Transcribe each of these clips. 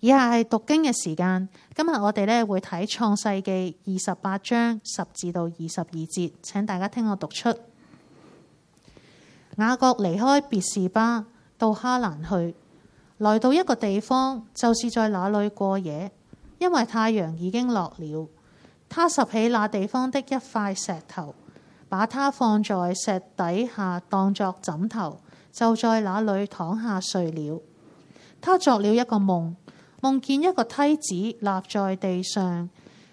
以下係讀經嘅時間。今日我哋咧會睇《創世記》二十八章十至到二十二節。請大家聽我讀出雅各離開別是巴到哈蘭去，來到一個地方，就是在那裏過夜，因為太陽已經落了。他拾起那地方的一塊石頭，把它放在石底下當作枕頭，就在那裏躺下睡了。他作了一個夢。夢見一個梯子立在地上，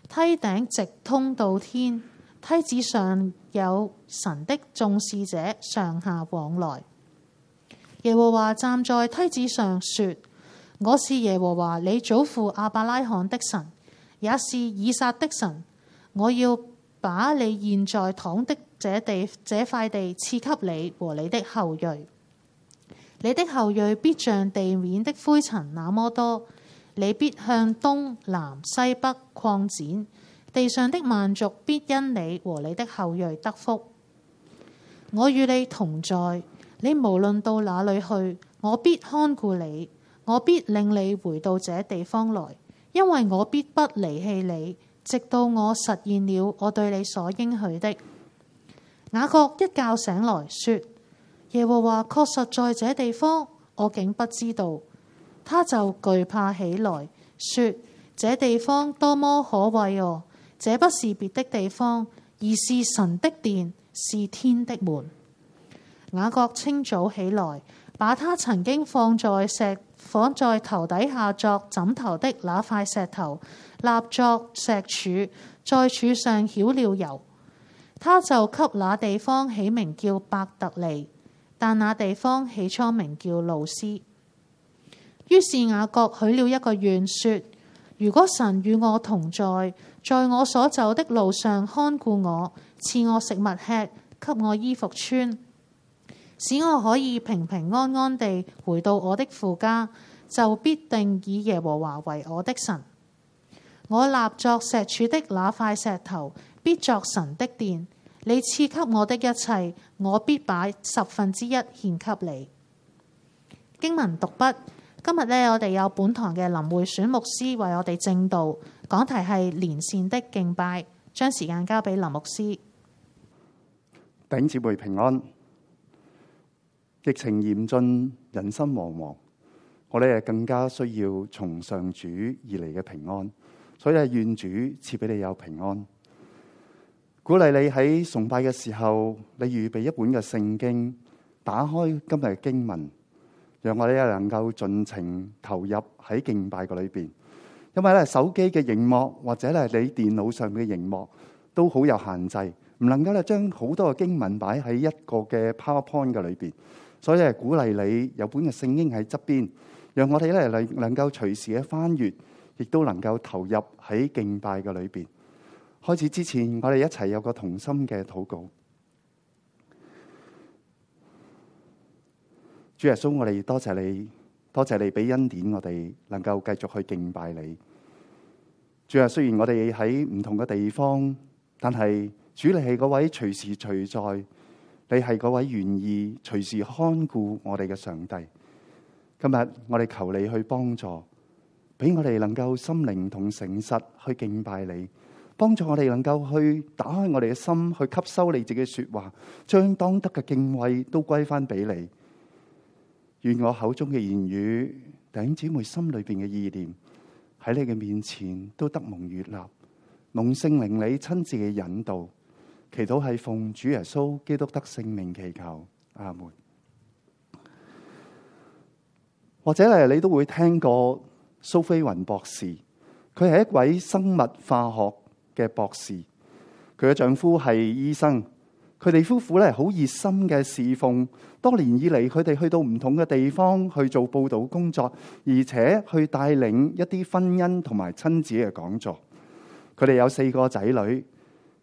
梯頂直通到天。梯子上有神的眾使者上下往來。耶和華站在梯子上說：我是耶和華，你祖父亞伯拉罕的神，也是以撒的神。我要把你現在躺的這地這塊地賜給你和你的後裔。你的後裔必像地面的灰塵那麼多。你必向東南西北擴展，地上的萬族必因你和你的後裔得福。我與你同在，你無論到哪裏去，我必看顧你，我必令你回到這地方來，因為我必不離棄你，直到我實現了我對你所應許的。雅各一覺醒來，說：耶和華確實在這地方，我竟不知道。他就懼怕起來，說：這地方多麼可畏哦、啊！這不是別的地方，而是神的殿，是天的門。雅各清早起來，把他曾經放在石放在頭底下作枕頭的那塊石頭立作石柱，在柱上澆了油。他就給那地方起名叫伯特利，但那地方起初名叫路斯。於是雅各許了一個願，說：如果神與我同在，在我所走的路上看顧我，賜我食物吃，給我衣服穿，使我可以平平安安地回到我的父家，就必定以耶和華為我的神。我立作石柱的那塊石頭，必作神的殿。你賜給我的一切，我必把十分之一獻給你。經文讀畢。今日咧，我哋有本堂嘅林會選牧師為我哋證道，講題係連線的敬拜。將時間交俾林牧師。頂姐妹平安，疫情嚴峻，人心惶惶，我哋更加需要從上主而嚟嘅平安。所以係願主賜俾你有平安，鼓勵你喺崇拜嘅時候，你預備一本嘅聖經，打開今日嘅經文。讓我哋又能夠盡情投入喺敬拜嘅裏邊，因為咧手機嘅熒幕或者咧你電腦上邊嘅熒幕都好有限制，唔能夠咧將好多嘅經文擺喺一個嘅 PowerPoint 嘅裏邊，所以咧鼓勵你有本嘅聖經喺側邊，讓我哋咧能能夠隨時嘅翻閱，亦都能夠投入喺敬拜嘅裏邊。開始之前，我哋一齊有個同心嘅禱告。主耶穌，我哋多謝，謝你，多謝，謝你俾恩典我，我哋能夠繼續去敬拜你。主啊，雖然我哋喺唔同嘅地方，但係主你係嗰位隨時隨在，你係嗰位願意隨時看顧我哋嘅上帝。今日我哋求你去幫助，俾我哋能夠心靈同誠實去敬拜你，幫助我哋能夠去打開我哋嘅心，去吸收你自己嘅說話，將當得嘅敬畏都歸翻俾你。願我口中嘅言語，弟兄姊妹心裏邊嘅意念，喺你嘅面前都得蒙悅納，蒙聖靈你親自嘅引導，祈禱係奉主耶穌基督嘅聖名祈求，阿門。或者你都會聽過蘇緋雲博士，佢係一位生物化學嘅博士，佢嘅丈夫係醫生。佢哋夫婦咧好熱心嘅侍奉，多年以嚟佢哋去到唔同嘅地方去做報導工作，而且去帶領一啲婚姻同埋親子嘅講座。佢哋有四個仔女，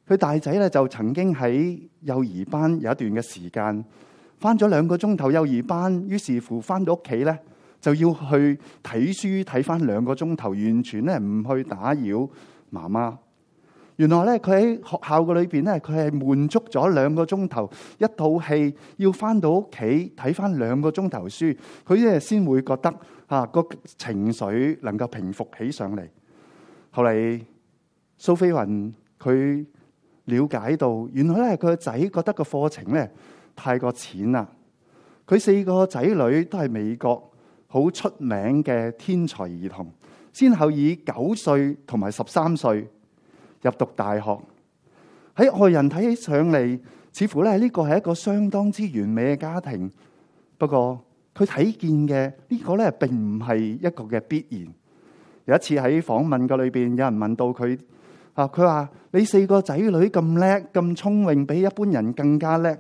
佢大仔咧就曾經喺幼兒班有一段嘅時間，返咗兩個鐘頭幼兒班，於是乎返到屋企咧就要去睇書睇返兩個鐘頭，完全咧唔去打擾媽媽。原來咧，佢喺學校嘅裏邊咧，佢係滿足咗兩個鐘頭一套戲，要翻到屋企睇翻兩個鐘頭書，佢咧先會覺得啊個、啊、情緒能夠平復起上嚟。後嚟蘇飛雲佢了解到，原來咧佢個仔覺得個課程咧太過淺啦。佢四個仔女都係美國好出名嘅天才兒童，先後以九歲同埋十三歲。入讀大學，喺外人睇起上嚟，似乎咧呢個係一個相當之完美嘅家庭。不過佢睇見嘅呢個咧，並唔係一個嘅必然。有一次喺訪問嘅裏邊，有人問到佢啊，佢話，你四個仔女咁叻咁聰明，比一般人更加叻，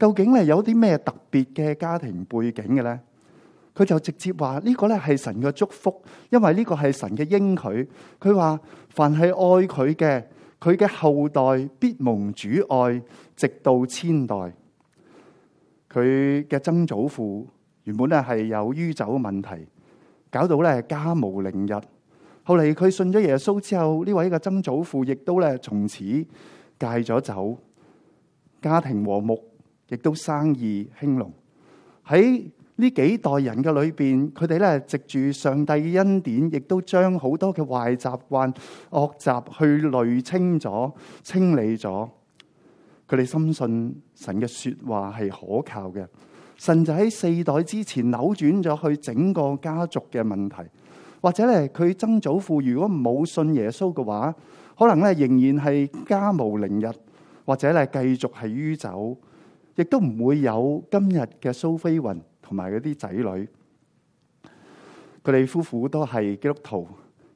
究竟咧有啲咩特別嘅家庭背景嘅咧？佢就直接話呢個咧係神嘅祝福，因為呢個係神嘅應許。佢話凡係愛佢嘅，佢嘅後代必蒙主愛，直到千代。佢嘅曾祖父原本咧係有酗酒問題，搞到咧家無寧日。後嚟佢信咗耶穌之後，呢位嘅曾祖父亦都咧從此戒咗酒，家庭和睦，亦都生意興隆。喺呢幾代人嘅裏面，佢哋咧藉住上帝嘅恩典，亦都將好多嘅壞習慣惡習去釐清咗、清理咗。佢哋深信神嘅說話係可靠嘅。神就喺四代之前扭轉咗，去整個家族嘅問題。或者咧，佢曾祖父如果冇信耶穌嘅話，可能咧仍然係家無寧日，或者咧繼續係酗酒，亦都唔會有今日嘅蘇飛雲。同埋嗰啲仔女，佢哋夫婦都係基督徒。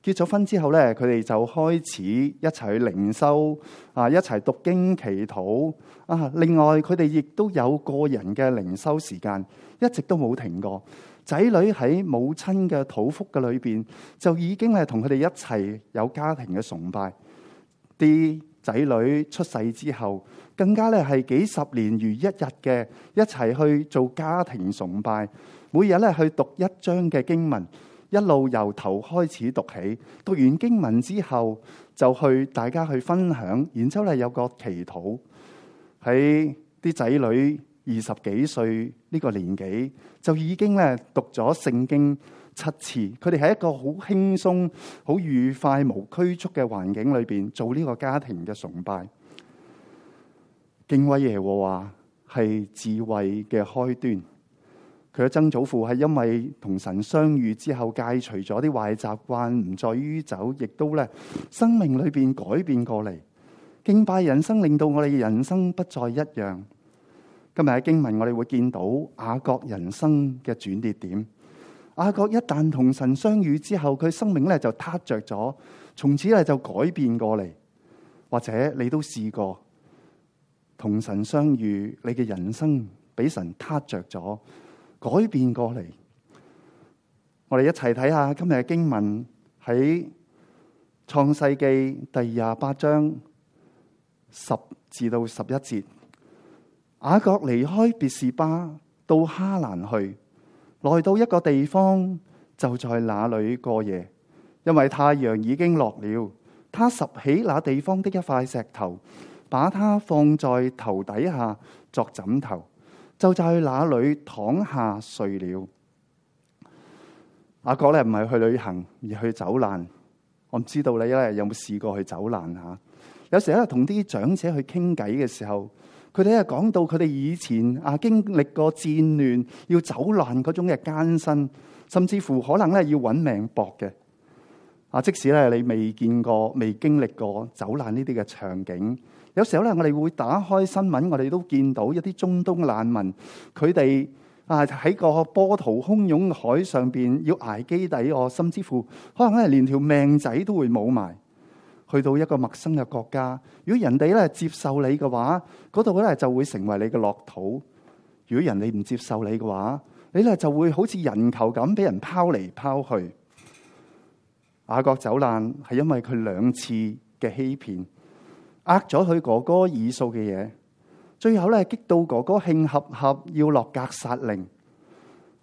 結咗婚之後咧，佢哋就開始一齊去靈修啊，一齊讀經祈禱啊。另外，佢哋亦都有個人嘅靈修時間，一直都冇停過。仔女喺母親嘅肚腹嘅裏邊就已經係同佢哋一齊有家庭嘅崇拜啲。D, 仔女出世之後，更加咧係幾十年如一日嘅一齊去做家庭崇拜，每日咧去讀一章嘅經文，一路由頭開始讀起。讀完經文之後，就去大家去分享，然之後咧有個祈禱，喺啲仔女二十幾歲呢個年紀，就已經咧讀咗聖經七次，佢哋喺一個好輕鬆、好愉快、無拘束嘅環境裏邊做呢個家庭嘅崇拜。敬畏耶和華係智慧嘅開端。佢嘅曾祖父係因為同神相遇之後，戒除咗啲壞習慣，唔再酗酒，亦都咧生命裏邊改變過嚟敬拜人生，令到我哋嘅人生不再一樣。今日喺經文，我哋會見到雅各人生嘅轉捩點。雅各一旦同神相遇之後，佢生命咧就撻着咗，從此咧就改變過嚟。或者你都試過同神相遇，你嘅人生俾神撻着咗，改變過嚟。我哋一齊睇下今日嘅經文喺創世記第二十八章十至到十一節，雅各離開別是巴到哈蘭去，來到一個地方，就在那裏過夜，因為太陽已經落了。他拾起那地方的一塊石頭，把它放在頭底下作枕頭，就在那裏躺下睡了。阿哥呢唔係去旅行，而去走難。我唔知道你呢有冇試過去走難吓、啊。有時呢同啲長者去傾偈嘅時候。佢哋咧講到佢哋以前啊經歷過戰亂，要走難嗰種嘅艱辛，甚至乎可能咧要揾命搏嘅。啊，即使咧你未見過、未經歷過走難呢啲嘅場景，有時候咧我哋會打開新聞，我哋都見到一啲中東難民，佢哋啊喺個波濤洶湧海上邊要捱基底喎，甚至乎可能咧連條命仔都會冇埋。去到一個陌生嘅國家，如果人哋咧接受你嘅話，嗰度咧就會成為你嘅樂土；如果人哋唔接受你嘅話，你咧就會好似人球咁俾人拋嚟拋去。雅各走難係因為佢兩次嘅欺騙，呃咗佢哥哥以掃嘅嘢，最後咧激到哥哥興合合要落格殺令。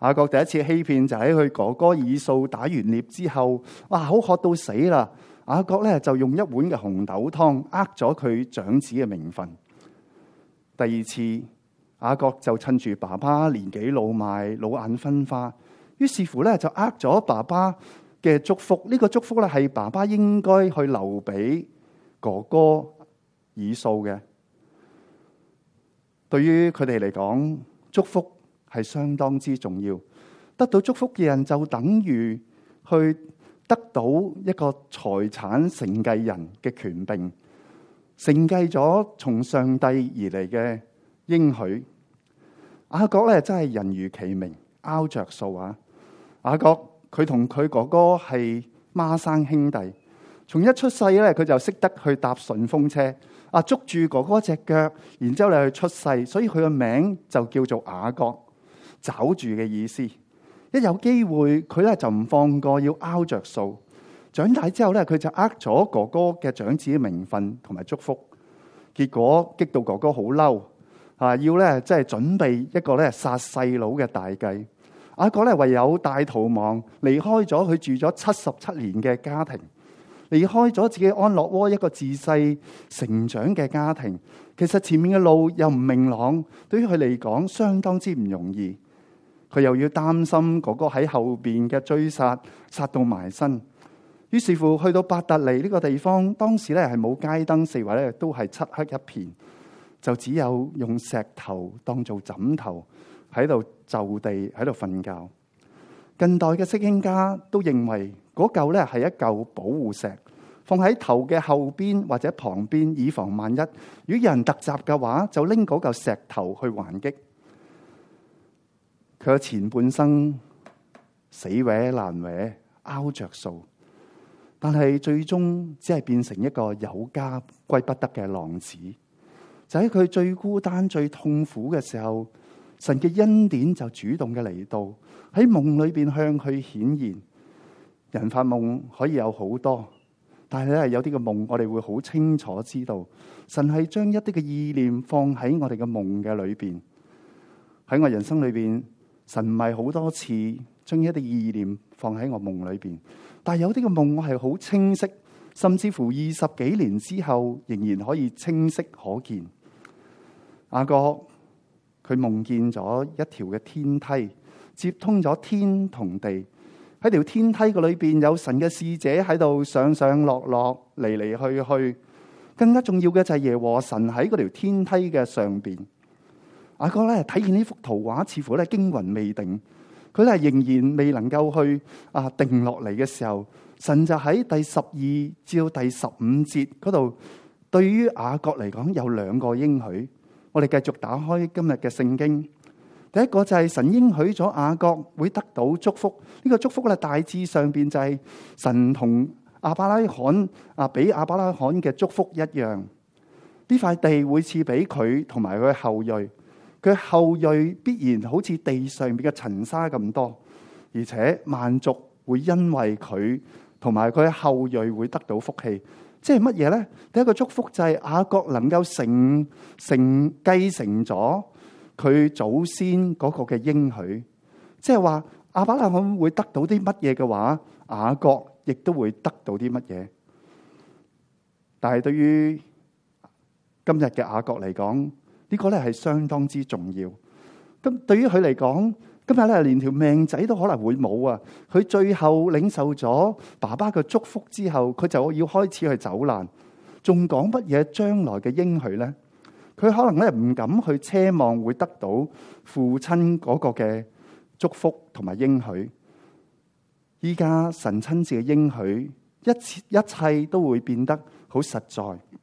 雅各第一次欺騙就喺佢哥哥以掃打完獵之後，哇，好渴到死啦！阿國咧就用一碗嘅紅豆湯呃咗佢長子嘅名分。第二次，阿國就趁住爸爸年紀老邁、老眼昏花，於是乎咧就呃咗爸爸嘅祝福。呢、這個祝福咧係爸爸應該去留俾哥哥以掃嘅。對於佢哋嚟講，祝福係相當之重要。得到祝福嘅人就等於去。得到一個財產承繼人嘅權柄，承繼咗從上帝而嚟嘅應許。雅各咧真係人如其名，拗着數啊！雅各佢同佢哥哥係孖生兄弟，從一出世咧佢就識得去搭順風車，啊捉住哥哥隻腳，然之後咧去出世，所以佢嘅名就叫做雅各，抓住嘅意思。一有機會，佢咧就唔放過要拗着數。長大之後咧，佢就呃咗哥哥嘅長子嘅名分同埋祝福，結果激到哥哥好嬲啊！要咧即係準備一個咧殺細佬嘅大計。阿哥咧唯有大逃亡，離開咗佢住咗七十七年嘅家庭，離開咗自己安樂窩一個自細成長嘅家庭。其實前面嘅路又唔明朗，對於佢嚟講相當之唔容易。佢又要擔心哥哥喺後邊嘅追殺，殺到埋身。於是乎去到伯特利呢個地方，當時咧係冇街燈，四圍咧都係漆黑一片，就只有用石頭當做枕頭喺度就地喺度瞓覺。近代嘅釋經家都認為嗰嚿咧係一嚿保護石，放喺頭嘅後邊或者旁邊，以防萬一。如果有人突襲嘅話，就拎嗰嚿石頭去還擊。佢嘅前半生死搵難搵，拗着數，但係最終只係變成一個有家歸不得嘅浪子。就喺佢最孤單、最痛苦嘅時候，神嘅恩典就主動嘅嚟到，喺夢裏邊向佢顯現。人發夢可以有好多，但係咧有啲嘅夢我哋會好清楚知道，神係將一啲嘅意念放喺我哋嘅夢嘅裏邊，喺我人生裏邊。神唔係好多次將一啲意念放喺我夢裏邊，但有啲嘅夢我係好清晰，甚至乎二十幾年之後仍然可以清晰可見。雅各佢夢見咗一條嘅天梯，接通咗天同地。喺條天梯嘅裏邊有神嘅使者喺度上上落落嚟嚟去去。更加重要嘅就係耶和神喺嗰條天梯嘅上邊。雅各咧睇見呢幅圖畫，似乎咧驚魂未定，佢咧仍然未能夠去啊定落嚟嘅時候，神就喺第十二至到第十五節嗰度，對於雅各嚟講有兩個應許。我哋繼續打開今日嘅聖經，第一個就係神應許咗雅各會得到祝福。呢個祝福咧大致上邊就係神同亞伯拉罕啊，俾亞伯拉罕嘅祝福一樣，呢塊地會賜俾佢同埋佢後裔。佢後裔必然好似地上面嘅塵沙咁多，而且萬族會因為佢同埋佢後裔會得到福氣，即係乜嘢咧？第一個祝福就係雅各能夠承承繼承咗佢祖先嗰個嘅應許，即係話亞伯拉罕會得到啲乜嘢嘅話，雅各亦都會得到啲乜嘢。但係對於今日嘅雅各嚟講，呢個咧係相當之重要。咁對於佢嚟講，今日咧連條命仔都可能會冇啊！佢最後領受咗爸爸嘅祝福之後，佢就要開始去走難，仲講乜嘢將來嘅應許呢？佢可能咧唔敢去奢望會得到父親嗰個嘅祝福同埋應許。依家神親自嘅應許，一切一切都會變得好實在。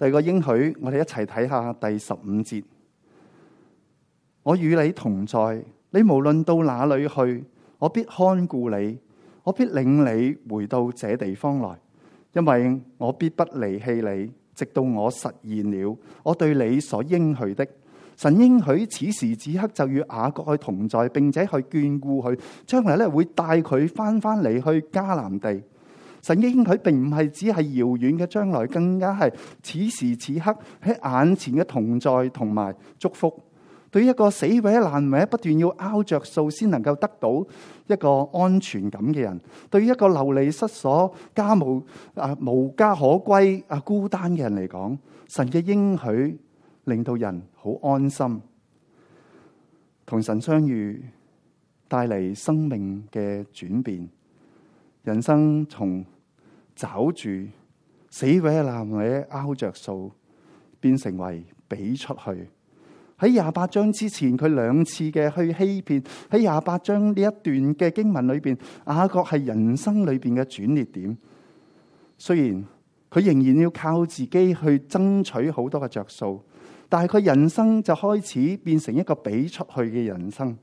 第二個應許，我哋一齊睇下第十五節。我與你同在，你無論到哪裏去，我必看顧你，我必領你回到這地方來，因為我必不離棄你，直到我實現了我對你所應許的。神應許此時此刻就與雅各去同在，並且去眷顧佢，將來咧會帶佢翻翻你去迦南地。神嘅應許並唔係只係遙遠嘅將來，更加係此時此刻喺眼前嘅同在同埋祝福。對於一個死鬼爛命、不斷要拗著數先能夠得到一個安全感嘅人，對於一個流離失所、家務啊無家可歸、啊孤單嘅人嚟講，神嘅應許令到人好安心。同神相遇，帶嚟生命嘅轉變。人生從找住死鬼男嘅拗着數，變成為俾出去。喺廿八章之前，佢兩次嘅去欺騙。喺廿八章呢一段嘅經文裏邊，雅各係人生裏邊嘅轉捩點。雖然佢仍然要靠自己去爭取好多嘅着數，但係佢人生就開始變成一個俾出去嘅人生。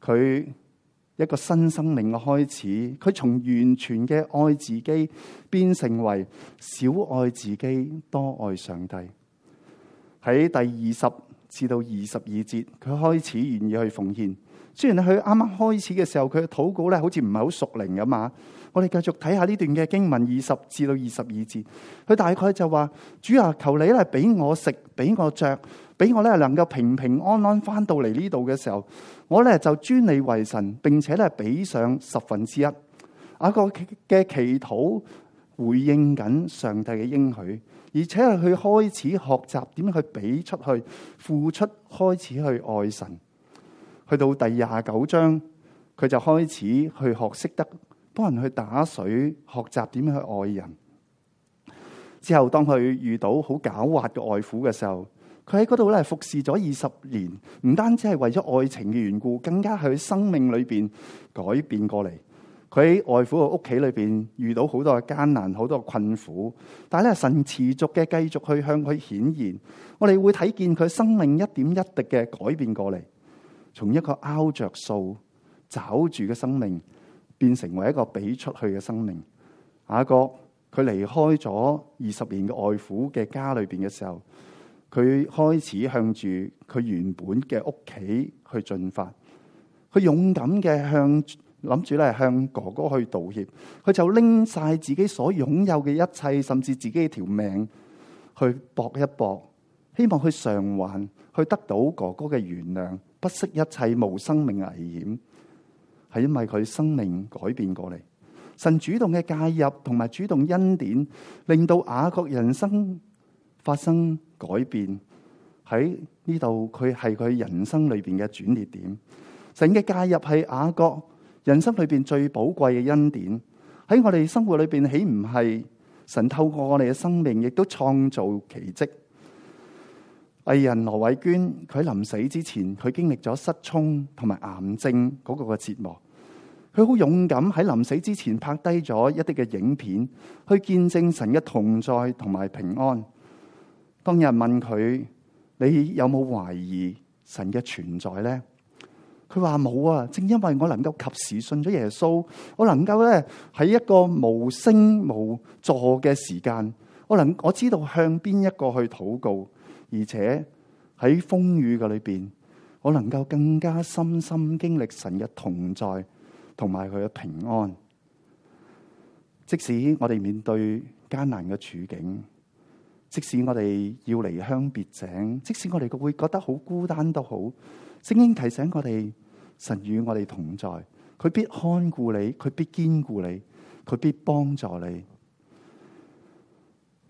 佢。一個新生命嘅開始，佢從完全嘅愛自己，變成為少愛自己，多愛上帝。喺第二十至到二十二節，佢開始願意去奉獻。雖然佢啱啱開始嘅時候，佢嘅禱告咧，好似唔係好熟靈咁嘛。我哋繼續睇下呢段嘅經文二十至到二十二節，佢大概就話：主啊，求你咧俾我食，俾我着，俾我咧能夠平平安安翻到嚟呢度嘅時候，我咧就尊你為神，並且咧俾上十分之一。一個嘅祈禱回應緊上帝嘅應許，而且係佢開始學習點樣去俾出去，付出開始去愛神。去到第廿九章，佢就開始去學識得。幫人去打水，學習點樣去愛人。之後，當佢遇到好狡猾嘅外父嘅時候，佢喺嗰度咧服侍咗二十年，唔單止係為咗愛情嘅緣故，更加係佢生命裏邊改變過嚟。佢喺外父嘅屋企裏邊遇到好多嘅艱難，好多嘅困苦。但係咧，神持續嘅繼續去向佢顯現，我哋會睇見佢生命一點一滴嘅改變過嚟，從一個凹着數、找住嘅生命。變成為一個俾出去嘅生命。阿哥佢離開咗二十年嘅外父嘅家裏邊嘅時候，佢開始向住佢原本嘅屋企去進發。佢勇敢嘅向諗住嚟向哥哥去道歉，佢就拎晒自己所擁有嘅一切，甚至自己條命去搏一搏，希望去償還，去得到哥哥嘅原諒，不惜一切冒生命危險。係因為佢生命改變過嚟，神主動嘅介入同埋主動恩典，令到雅各人生發生改變。喺呢度佢係佢人生裏邊嘅轉捩點。神嘅介入係雅各人生裏邊最寶貴嘅恩典。喺我哋生活裏邊，豈唔係神透過我哋嘅生命，亦都創造奇蹟？藝人羅慧娟佢臨死之前，佢經歷咗失聰同埋癌症嗰個嘅折磨。佢好勇敢喺臨死之前拍低咗一啲嘅影片，去見證神嘅同在同埋平安。當日問佢：「你有冇懷疑神嘅存在呢？」佢話冇啊，正因為我能夠及時信咗耶穌，我能夠咧喺一個無聲無助嘅時間，我能我知道向邊一個去禱告。而且喺風雨嘅裏邊，我能夠更加深深經歷神嘅同在，同埋佢嘅平安。即使我哋面對艱難嘅處境，即使我哋要離鄉別井，即使我哋會覺得好孤單都好，聖經提醒我哋，神與我哋同在，佢必看顧你，佢必堅固你，佢必，必幫助你。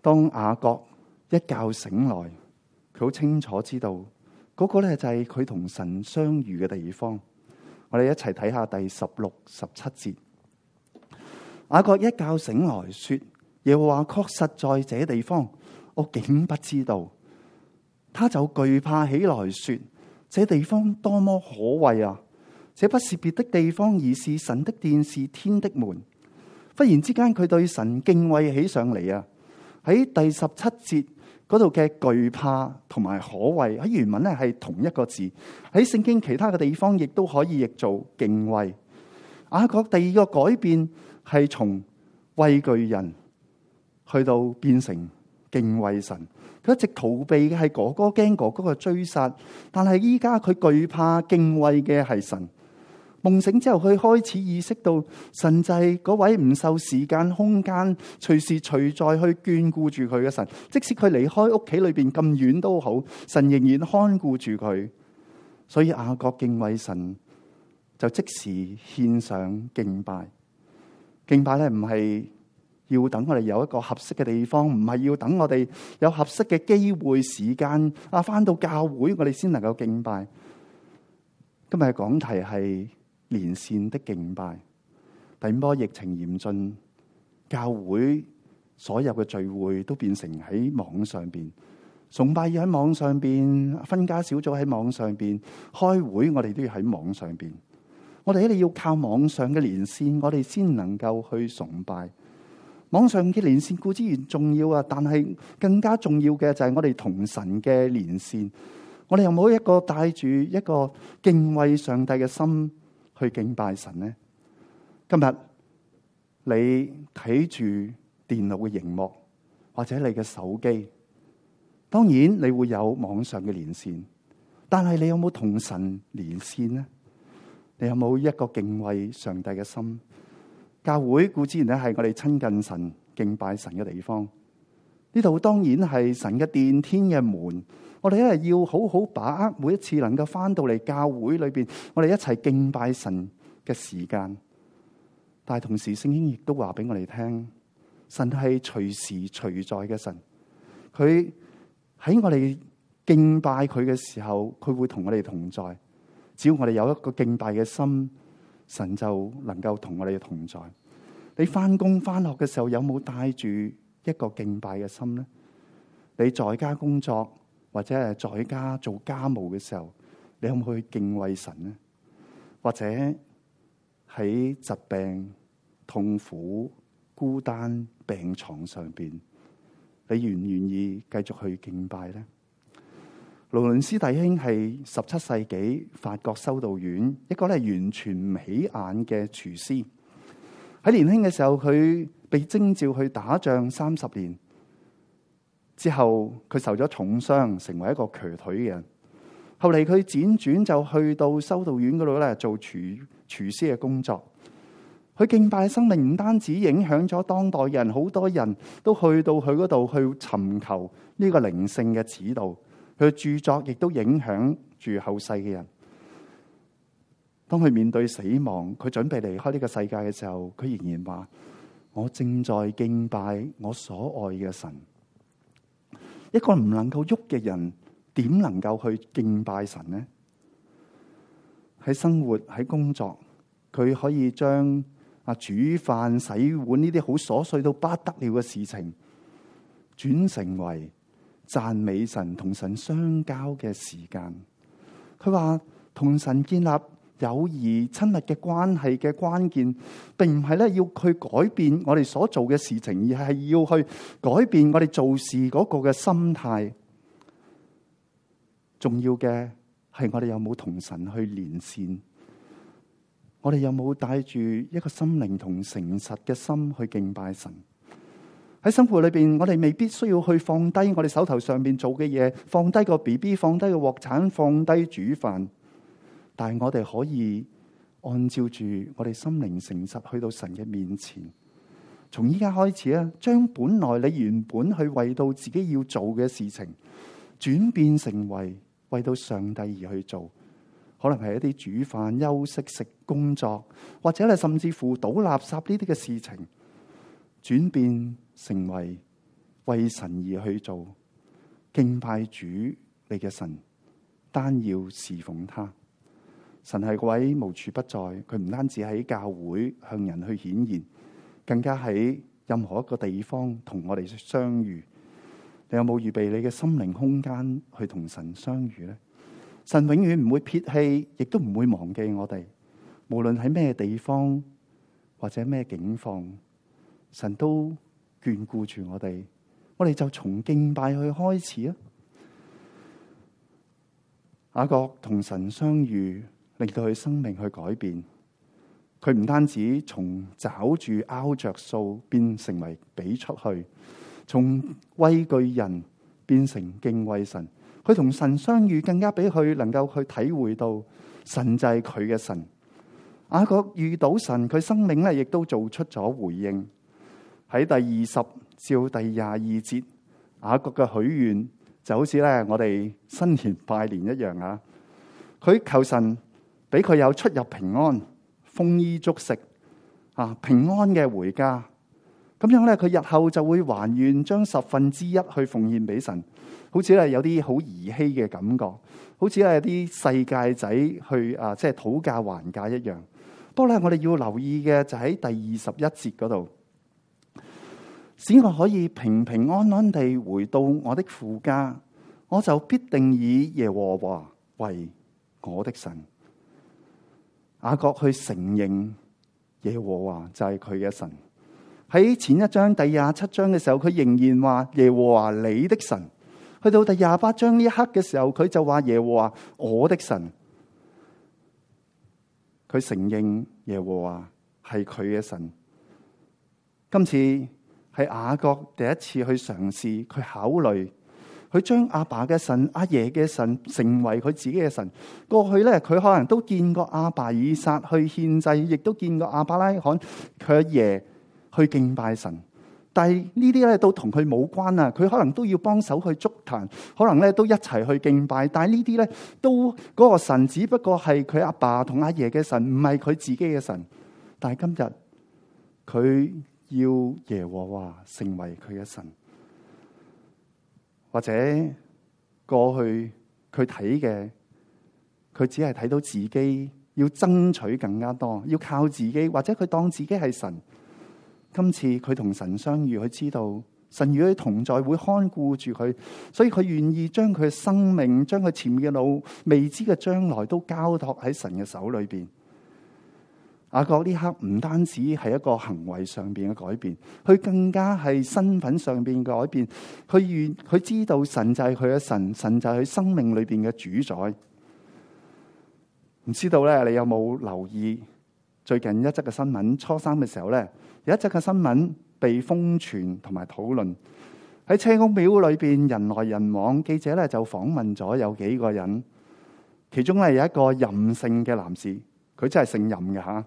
當雅各一覺醒來。好清楚知道，嗰、那個咧，就係佢同神相遇嘅地方。我哋一齊睇下第十六、十七節。雅各一覺醒來說，耶和華確實在這地方，我竟不知道。他就懼怕起來，說：這地方多麼可畏啊！這不是別的地方，而是神的殿，是天的門。忽然之間，佢對神敬畏起上嚟啊！喺第十七節。嗰度嘅懼怕同埋可畏喺原文咧係同一個字，喺聖經其他嘅地方亦都可以譯做敬畏。雅各第二個改變係從畏懼人去到變成敬畏神。佢一直逃避嘅係哥哥，驚哥哥嘅追殺，但係依家佢懼怕敬畏嘅係神。夢醒之後，佢開始意識到神就係嗰位唔受時間空間隨時隨在去眷顧住佢嘅神，即使佢離開屋企裏邊咁遠都好，神仍然看顧住佢。所以雅各敬畏神，就即時獻上敬拜。敬拜咧唔係要等我哋有一個合適嘅地方，唔係要等我哋有合適嘅機會時間啊，翻到教會我哋先能夠敬拜。今日嘅講題係。連線的敬拜，第五波疫情嚴峻，教會所有嘅聚會都變成喺網上邊。崇拜要喺網上邊，分家小組喺網上邊開會我，我哋都要喺網上邊。我哋一定要靠網上嘅連線，我哋先能夠去崇拜。網上嘅連線固然重要啊，但係更加重要嘅就係我哋同神嘅連線。我哋又冇一個帶住一個敬畏上帝嘅心？去敬拜神呢？今日你睇住電腦嘅熒幕，或者你嘅手機，當然你會有網上嘅連線，但係你有冇同神連線呢？你有冇一個敬畏上帝嘅心？教會固之然呢係我哋親近神、敬拜神嘅地方，呢度當然係神嘅殿、天嘅門。我哋都係要好好把握每一次能夠翻到嚟教會裏邊，我哋一齊敬拜神嘅時間。但係同時，聖經亦都話俾我哋聽，神係隨時隨在嘅神。佢喺我哋敬拜佢嘅時候，佢會同我哋同在。只要我哋有一個敬拜嘅心，神就能夠同我哋同在。你翻工翻學嘅時候，有冇帶住一個敬拜嘅心呢？你在家工作？或者係在家做家務嘅時候，你可唔可以敬畏神呢？或者喺疾病、痛苦、孤單病床上邊，你願唔願意繼續去敬拜呢？勞倫斯弟兄係十七世紀法國修道院一個咧完全唔起眼嘅廚師。喺年輕嘅時候，佢被徵召去打仗三十年。之後佢受咗重傷，成為一個瘸腿嘅人。後來佢輾轉就去到修道院嗰度嚟做廚廚師嘅工作。佢敬拜嘅生命唔單止影響咗當代人，好多人都去到佢嗰度去尋求呢個靈性嘅指導。佢嘅著作亦都影響住後世嘅人。當佢面對死亡，佢準備離開呢個世界嘅時候，佢仍然話：我正在敬拜我所愛嘅神。一個唔能夠喐嘅人，點能夠去敬拜神呢？喺生活、喺工作，佢可以將啊煮飯、洗碗呢啲好瑣碎到不得了嘅事情，轉成為讚美神同神相交嘅時間。佢話同神建立。友誼親密嘅關係嘅關鍵，並唔係咧要去改變我哋所做嘅事情，而係要去改變我哋做事嗰個嘅心態。重要嘅係我哋有冇同神去連線，我哋有冇帶住一個心靈同誠實嘅心去敬拜神。喺生活裏邊，我哋未必需要去放低我哋手頭上邊做嘅嘢，放低個 BB，放低個鑊鏟，放低煮飯。但係，我哋可以按照住我哋心靈誠實去到神嘅面前。從依家開始咧，將本來你原本去為到自己要做嘅事情，轉變成為為到上帝而去做。可能係一啲煮飯、休息、食工作，或者咧甚至乎倒垃圾呢啲嘅事情，轉變成為為神而去做，敬拜主你嘅神，單要侍奉他。神係個位無處不在，佢唔單止喺教會向人去顯現，更加喺任何一個地方同我哋相遇。你有冇預備你嘅心靈空間去同神相遇呢？神永遠唔會撇棄，亦都唔會忘記我哋。無論喺咩地方或者咩境況，神都眷顧住我哋。我哋就從敬拜去開始啊！阿國同神相遇。令到佢生命去改變，佢唔單止從找住拗着數變成為俾出去，從畏懼人變成敬畏神，佢同神相遇更加俾佢能夠去體會到神就係佢嘅神。雅各遇到神，佢生命咧亦都做出咗回應，喺第二十至第廿二節，雅各嘅許願就好似咧我哋新年拜年一樣啊！佢求神。俾佢有出入平安、豐衣足食，啊平安嘅回家，咁樣咧佢日後就會還願，將十分之一去奉獻俾神，好似係有啲好兒戲嘅感覺，好似係啲世界仔去啊即係討價還價一樣。不過咧，我哋要留意嘅就喺第二十一節嗰度，使我可以平平安安地回到我的父家，我就必定以耶和華為我的神。雅各去承認耶和華就係佢嘅神。喺前一章第廿七章嘅時候，佢仍然話耶和華你的神。去到第廿八章呢一刻嘅時候，佢就話耶和華我的神。佢承認耶和華係佢嘅神。今次係雅各第一次去嘗試去考慮。佢將阿爸嘅神、阿爺嘅神成為佢自己嘅神。過去咧，佢可能都見過阿爸以撒去獻祭，亦都見過亞伯拉罕佢阿爺去敬拜神。但係呢啲咧都同佢冇關啊！佢可能都要幫手去築壇，可能咧都一齊去敬拜。但係呢啲咧都嗰、那個神，只不過係佢阿爸同阿爺嘅神，唔係佢自己嘅神。但係今日佢要耶和華成為佢嘅神。或者過去佢睇嘅，佢只係睇到自己要爭取更加多，要靠自己，或者佢當自己係神。今次佢同神相遇，佢知道神與佢同在，會看顧住佢，所以佢願意將佢嘅生命、將佢前面嘅路、未知嘅將來都交託喺神嘅手裏邊。阿哥呢刻唔單止係一個行為上邊嘅改變，佢更加係身份上邊嘅改變。佢原佢知道神就係佢嘅神，神就係佢生命裏邊嘅主宰。唔知道咧，你有冇留意最近一則嘅新聞？初三嘅時候咧，有一則嘅新聞被瘋傳同埋討論。喺車公廟裏邊人來人往，記者咧就訪問咗有幾個人，其中咧有一個任姓嘅男士，佢真係姓任嘅吓。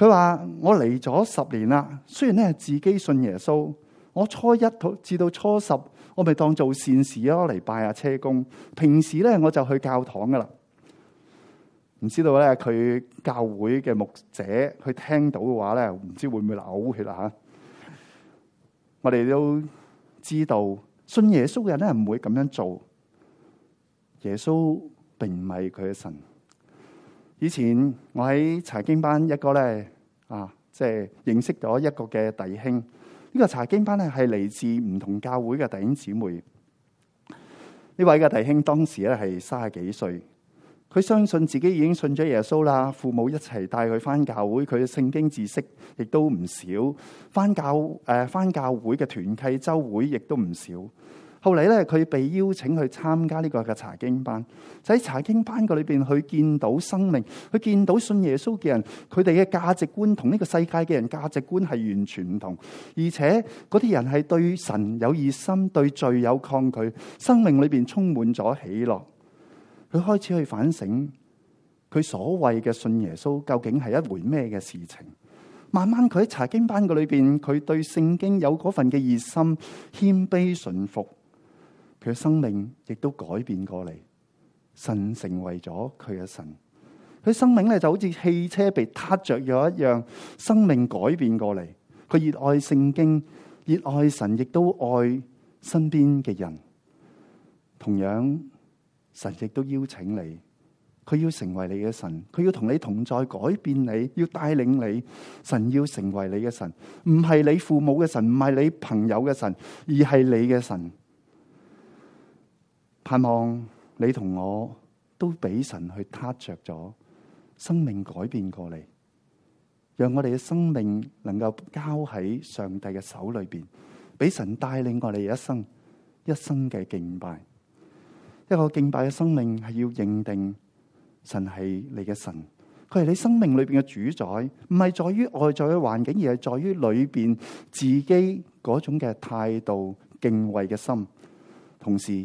佢話我嚟咗十年啦，雖然咧自己信耶穌，我初一到至到初十，我咪當做善事咯嚟拜下，啊、車公。平時咧我就去教堂噶啦，唔知道咧佢教會嘅牧者佢聽到嘅話咧，唔知會唔會嘔血啦吓？我哋都知道信耶穌嘅人咧唔會咁樣做，耶穌並唔係佢嘅神。以前我喺查經班一個咧啊，即係認識咗一個嘅弟兄。呢、這個查經班咧係嚟自唔同教會嘅弟兄姊妹。呢位嘅弟兄當時咧係三十幾歲，佢相信自己已經信咗耶穌啦。父母一齊帶佢翻教會，佢嘅聖經知識亦都唔少。翻教、誒翻、呃、教會嘅團契週會亦都唔少。後嚟咧，佢被邀請去參加呢個嘅查經班，就喺查經班個裏邊,佢見到生命，佢見到信耶穌嘅人，佢哋嘅價值觀同呢個世界嘅人價值觀係完全唔同，而且嗰啲人係對神有熱心，對罪有抗拒，生命裏邊充滿咗喜樂。佢開始去反省佢所謂嘅信耶穌究竟係一回咩嘅事情。慢慢佢喺查經班個裏邊，佢對聖經有嗰份嘅熱心，謙卑順服。佢嘅生命亦都改變過嚟，神成為咗佢嘅神，佢生命咧就好似汽車被撻着咗一樣，生命改變過嚟。佢熱愛聖經，熱愛神，亦都愛身邊嘅人。同樣，神亦都邀請你，佢要成為你嘅神，佢要同你同在，改變你，要帶領你。神要成為你嘅神，唔係你父母嘅神，唔係你朋友嘅神，而係你嘅神。盼望你同我都俾神去撻着咗，生命改變過嚟，讓我哋嘅生命能夠交喺上帝嘅手裏邊，俾神帶領我哋一生一生嘅敬拜。一個敬拜嘅生命係要認定神係你嘅神，佢係你生命裏邊嘅主宰，唔係在於外在嘅環境，而係在於裏邊自己嗰種嘅態度、敬畏嘅心，同時。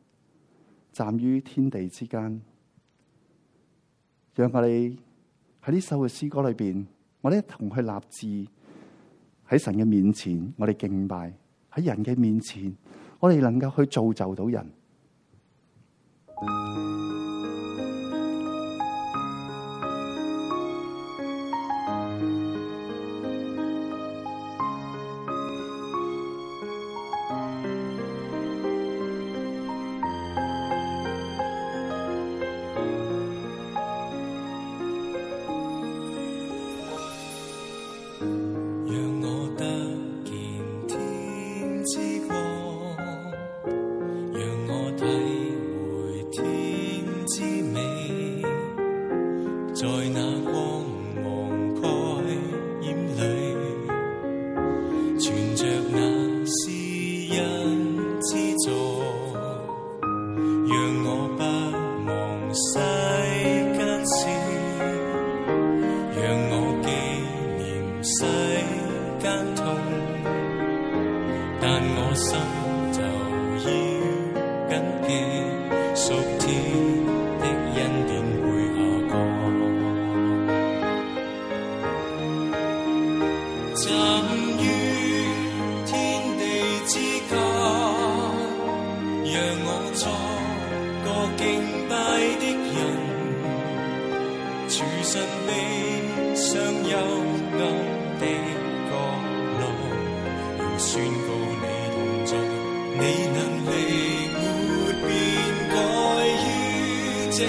站於天地之間，讓我哋喺呢首嘅詩歌裏面，我哋一同去立志，喺神嘅面前，我哋敬拜；喺人嘅面前，我哋能夠去造就到人。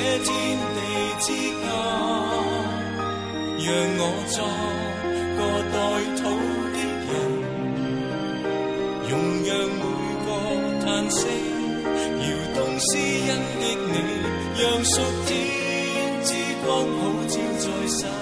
這天地之間，讓我作個代禱的人，容讓每個嘆息搖動施恩的你，讓屬天之光普照在心。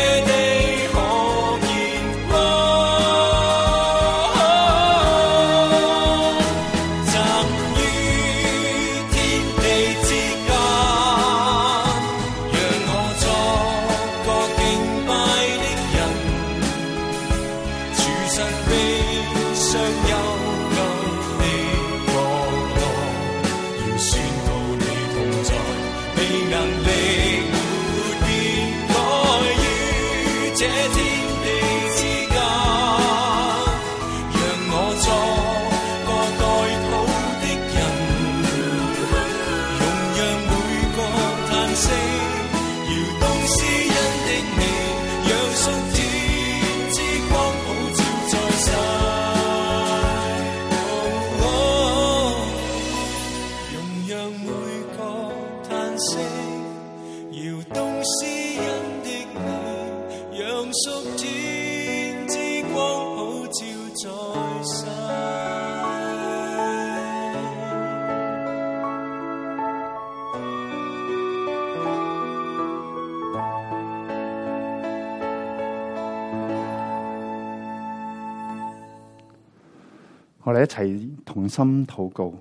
一齊同心禱告，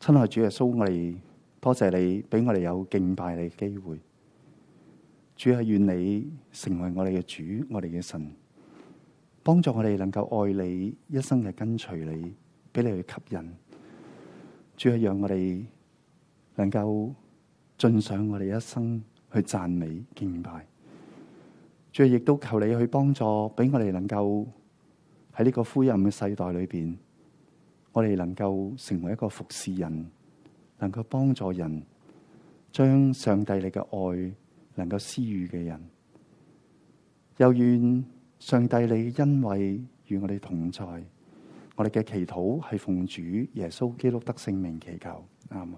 親愛主耶穌我，我哋多謝你俾我哋有敬拜你嘅機會。主啊，願你成為我哋嘅主，我哋嘅神，幫助我哋能夠愛你，一生嘅跟隨你，俾你去吸引。主啊，讓我哋能夠盡上我哋一生去讚美敬拜。主啊，亦都求你去幫助，俾我哋能夠。喺呢個灰暗嘅世代裏邊，我哋能夠成為一個服侍人，能夠幫助人，將上帝你嘅愛能夠施予嘅人，又願上帝你嘅恩惠與我哋同在，我哋嘅祈禱係奉主耶穌基督得聖名祈求，啱。